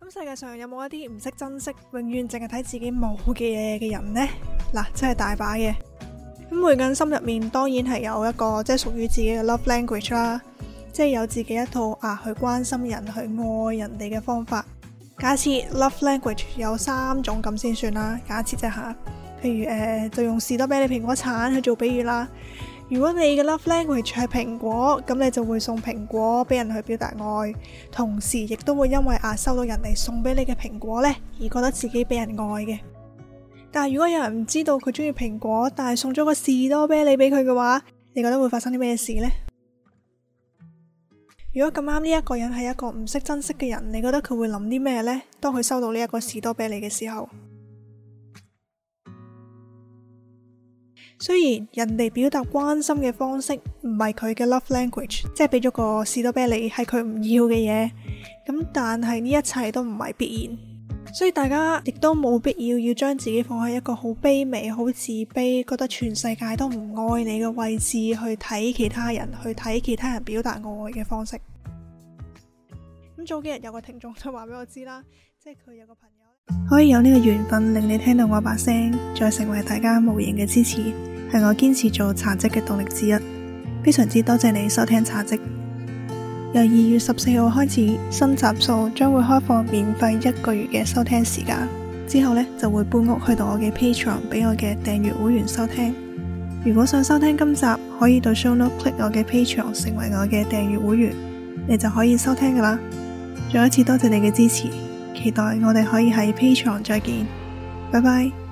咁世界上有冇一啲唔識珍惜，永遠淨係睇自己冇嘅嘢嘅人呢？嗱，真係大把嘅。咁每個人心入面，當然係有一個即係屬於自己嘅 love language 啦，即係有自己一套啊去關心人、去愛人哋嘅方法。假設 love language 有三種咁先算啦，假設啫吓。譬如誒、呃，就用士多啤梨蘋果橙去做比喻啦。如果你嘅 love language 係蘋果，咁你就會送蘋果俾人去表達愛，同時亦都會因為啊收到人哋送俾你嘅蘋果呢而覺得自己俾人愛嘅。但係如果有人唔知道佢中意蘋果，但係送咗個士多啤梨俾佢嘅話，你覺得會發生啲咩事呢？如果咁啱呢一個人係一個唔識珍惜嘅人，你覺得佢會諗啲咩呢？當佢收到呢一個士多啤梨嘅時候。雖然人哋表達關心嘅方式唔係佢嘅 love language，即係俾咗個士多啤梨係佢唔要嘅嘢，咁但係呢一切都唔係必然，所以大家亦都冇必要要將自己放喺一個好卑微、好自卑、覺得全世界都唔愛你嘅位置去睇其他人，去睇其他人表達愛嘅方式。早幾日有個聽眾就話俾我知啦，即係佢有個朋友。可以有呢個緣分令你聽到我把聲，再成為大家無形嘅支持，係我堅持做茶嘖嘅動力之一。非常之多謝你收聽茶嘖。由二月十四號開始，新集數將會開放免費一個月嘅收聽時間，之後呢，就會搬屋去到我嘅 Patreon，俾我嘅訂閱會員收聽。如果想收聽今集，可以到 show note click 我嘅 Patreon，成為我嘅訂閱會員，你就可以收聽噶啦。再一次多謝你嘅支持。期待我哋可以喺 Patreon，再見，拜拜。